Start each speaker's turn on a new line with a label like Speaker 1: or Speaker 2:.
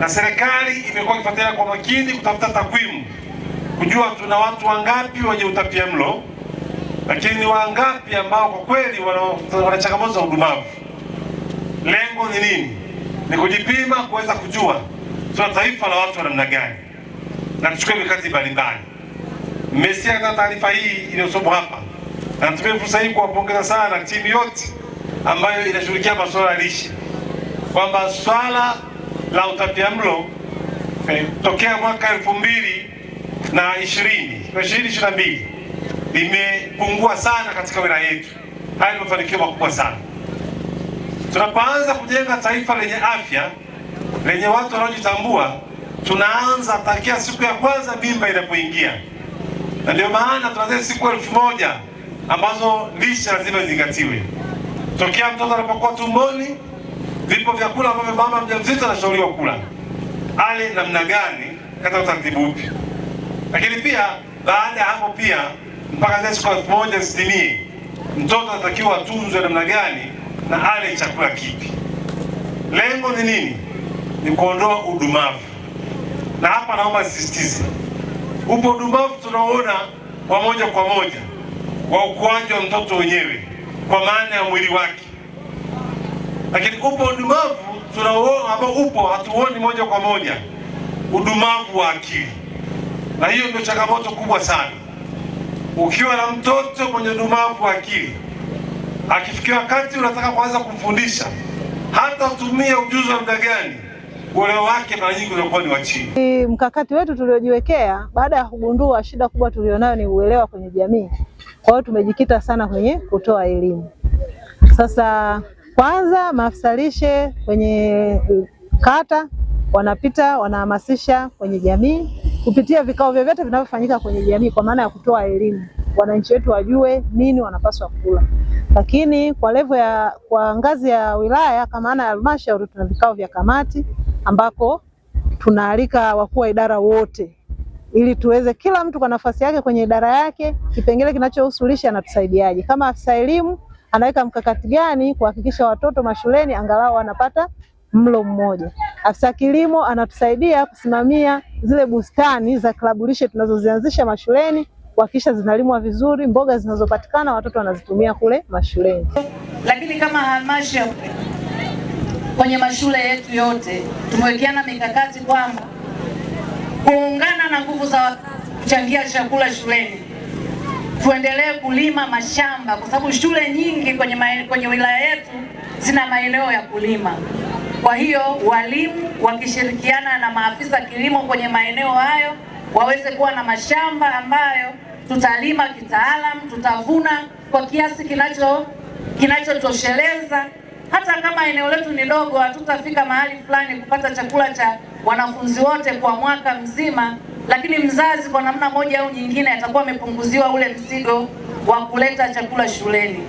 Speaker 1: na serikali imekuwa ikifuatilia kwa makini kutafuta takwimu kujua tuna watu wangapi wenye utapia mlo, lakini ni wangapi ambao kwa kweli wana changamoto za udumavu. Lengo ni nini? Ni kujipima kuweza kujua tuna taifa la watu wa namna gani, na tuchukue mikakati mbalimbali. Mmesikia katika taarifa hii iliyosomwa hapa, na natumia fursa hii kuwapongeza sana timu yote ambayo inashughulikia masuala ya lishe kwamba swala la utapiamlo eh, tokea mwaka elfu mbili na ishirini ishirini ishirini na mbili limepungua sana katika wilaya yetu. Haya ni mafanikio makubwa sana. Tunapoanza kujenga taifa lenye afya lenye watu wanaojitambua, tunaanza takia siku ya kwanza mimba inapoingia, na ndio maana tunaanzia siku elfu moja ambazo lishe lazima zingatiwe tokea mtoto anapokuwa tumboni Vipo vyakula ambavyo mama mjamzito anashauriwa kula, ale namna gani kata utaratibu upi. Lakini pia baada ya hapo pia mpaka zile siku elfu moja zitimie, mtoto anatakiwa atunzwe namna gani na ale chakula kipi. Lengo ni nini? Ni kuondoa udumavu, na hapa naomba sisitize, upo udumavu tunaoona wa moja kwa moja wa ukuaji wa mtoto wenyewe, kwa maana ya mwili wake lakini upo udumavu ambao upo hatuoni moja kwa moja, udumavu wa akili, na hiyo ndio changamoto kubwa sana. Ukiwa na mtoto mwenye udumavu wa akili, akifikia wakati unataka kuanza kumfundisha, hata utumie ujuzi wa muda gani, uelewa wake mara nyingi unakuwa ni wa
Speaker 2: chini. Mkakati wetu tuliojiwekea baada ya kugundua shida kubwa tulionayo ni uelewa kwenye jamii, kwa hiyo tumejikita sana kwenye kutoa elimu sasa kwanza maafisa lishe kwenye eh, kata wanapita wanahamasisha kwenye jamii kupitia vikao vyovyote vinavyofanyika kwenye jamii, kwa maana ya kutoa elimu, wananchi wetu wajue nini wanapaswa kula. Lakini kwa levo ya kwa ngazi ya wilaya, kwa maana ya halmashauri, tuna vikao vya kamati ambako tunaalika wakuu wa idara wote ili tuweze kila mtu kwa nafasi yake kwenye idara yake, kipengele kinachohusu lishe anatusaidiaje kama afisa elimu anaweka mkakati gani kuhakikisha watoto mashuleni angalau wanapata mlo mmoja. Afisa kilimo anatusaidia kusimamia zile bustani za klabu lishe tunazozianzisha mashuleni kuhakikisha zinalimwa vizuri, mboga zinazopatikana watoto wanazitumia kule mashuleni.
Speaker 3: Lakini kama halmashauri kwenye mashule yetu yote tumewekeana mikakati kwamba kuungana na nguvu za kuchangia chakula shuleni tuendelee kulima mashamba, kwa sababu shule nyingi kwenye, ma, kwenye wilaya yetu zina maeneo ya kulima. Kwa hiyo walimu wakishirikiana na maafisa kilimo kwenye maeneo hayo waweze kuwa na mashamba ambayo tutalima kitaalam, tutavuna kwa kiasi kinacho kinachotosheleza. Hata kama eneo letu ni dogo, hatutafika mahali fulani kupata chakula cha wanafunzi wote kwa mwaka mzima lakini mzazi kwa namna moja au nyingine atakuwa amepunguziwa ule mzigo wa kuleta chakula shuleni.